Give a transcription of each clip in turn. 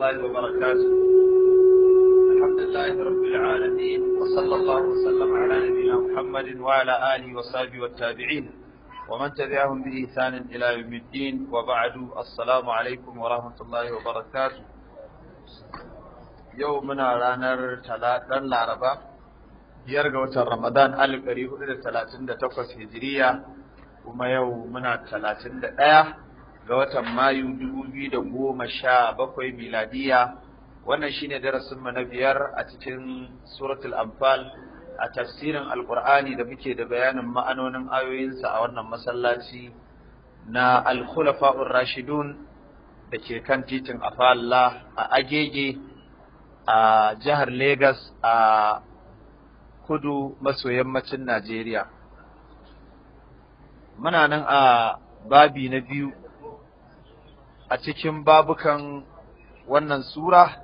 الله وبركاته الحمد لله رب العالمين وصلى الله وسلم على نبينا محمد وعلى آله وصحبه والتابعين ومن تبعهم بإحسان إلى يوم الدين وبعد السلام عليكم ورحمة الله وبركاته يومنا رانر ثلاثة لاربا biyar ga watan Ramadan alif ɗari hudu da talatin da takwas hijiriya kuma yau muna talatin da ɗaya ga watan Mayu da goma sha bakwai miladiya wannan shine darasin mu na biyar a cikin suratul anfal a tafsirin alqur'ani da muke da bayanin ma'anonin ayoyinsa a wannan masallaci na al-khulafa'ur rashidun da ke kan titin afalla a agege a jihar Legas a kudu maso yammacin Najeriya muna nan a babi na biyu a cikin babukan wannan sura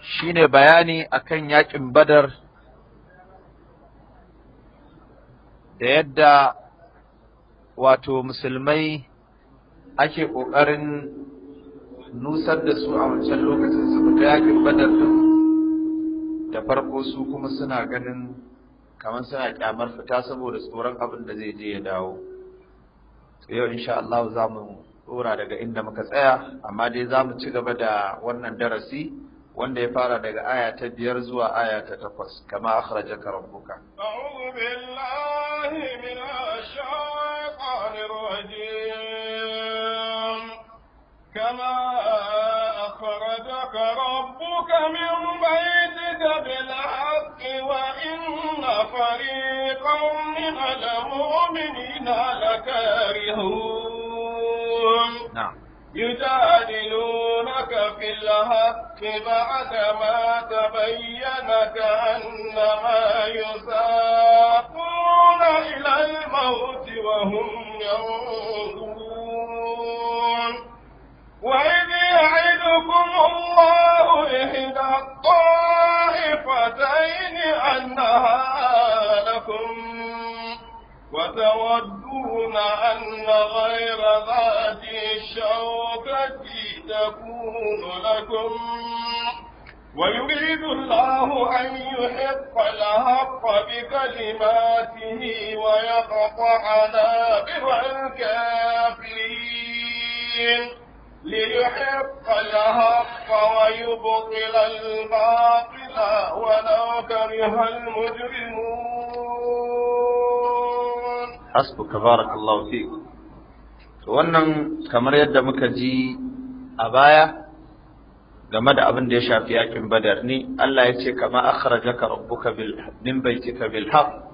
shine bayani akan yakin badar da yadda wato musulmai ake ƙoƙarin nusar da su a wancan lokacin su fita yakin badar da farko su kuma suna ganin kamar suna kyamar fita saboda tsoron abin da zai je ya dawo yau insha Allah za mu dora daga inda muka tsaya amma dai za mu ci gaba da wannan darasi wanda ya fara daga aya ta biyar zuwa aya ta takwas kama akhrajaka rabbuka a'udhu billahi minash shaitanir rajim kama akhrajaka rabbuka min baytika bil haqqi wa inna fariqan لقوم على مؤمنين لكارهون نعم يجادلونك في الحق بعد ما تبين كأنما يساقون إلى الموت وهم ينظرون وإذ يعدكم الله إحدى الطائفتين وتودون أن غير ذات الشوكة تكون لكم ويريد الله أن يحق الحق بكلماته ويقطع دابر الكافرين ليحق الحق ويبطل الباطل ولو كره المجرمون hasbuka Allah fi wannan kamar yadda muka ji a baya game da abin da ya shafi yakin badar ni Allah ya ce kama akhrajaka rabbuka bil min baitika bil haqq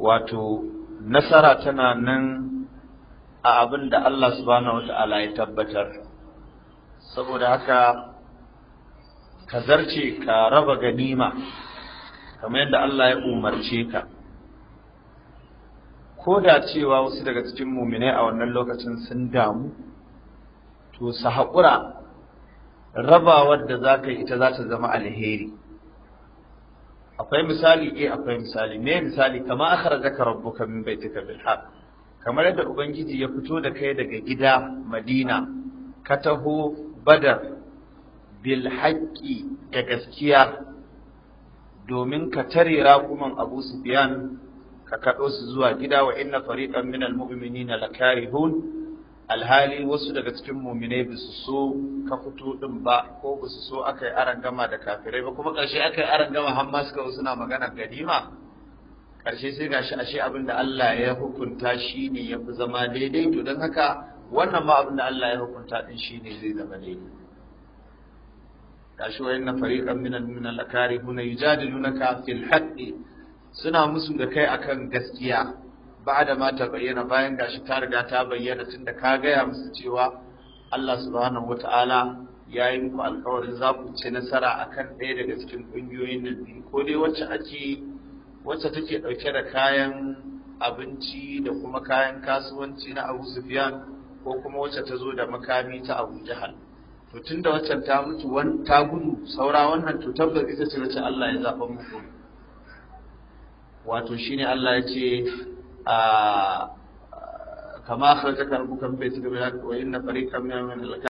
wato nasara tana nan a abin da Allah subhanahu wata'ala ya tabbatar saboda haka ka zarce ka raba ganima kamar yadda Allah ya umarce ka ko da cewa wasu daga cikin muminai a wannan lokacin sun damu to su haƙura rabawar da za ka yi ita za ta zama alheri akwai misali e akwai misali me misali kama ka rabu min bai bil haqq kamar yadda ubangiji ya fito da kai daga gida madina ka taho badar bil da gaskiya domin ka tare raƙuman abu sufiyan ka kaɗo su zuwa gida wa inna fariqan min almu'minina lakarihun alhali wasu daga cikin mu'minai ba su so ka fito din ba ko ba su so aka yi gama da kafirai ba kuma ƙarshe aka yi gama har ma suka suna magana ganima ƙarshe sai gashi ashe abin da Allah ya hukunta shi ne ya fi zama daidai to don haka wannan ma abin da Allah ya hukunta din shi shine zai zama daidai gashi wa inna fariqan min almu'minina lakarihun yujadilunaka fil haqqi suna musu da kai akan gaskiya ba da ma ta bayyana bayan gashi ta riga ta bayyana tunda ka gaya musu cewa Allah subhanahu wata'ala ya yi muku alkawarin za ku ci nasara akan ɗaya daga cikin ƙungiyoyin nan biyu ko dai wacce ake wacce take ɗauke da kayan abinci da kuma kayan kasuwanci na Abu Sufyan ko kuma wacce ta zo da makami ta Abu Jahal to tunda waccan ta mutu ta gudu saura wannan to tabbas ita ce wacce Allah ya zaɓa muku wato shi ne Allah ya ce a kama akhrajaka rabbuka min bai bil haqqi wa na fariqan minhum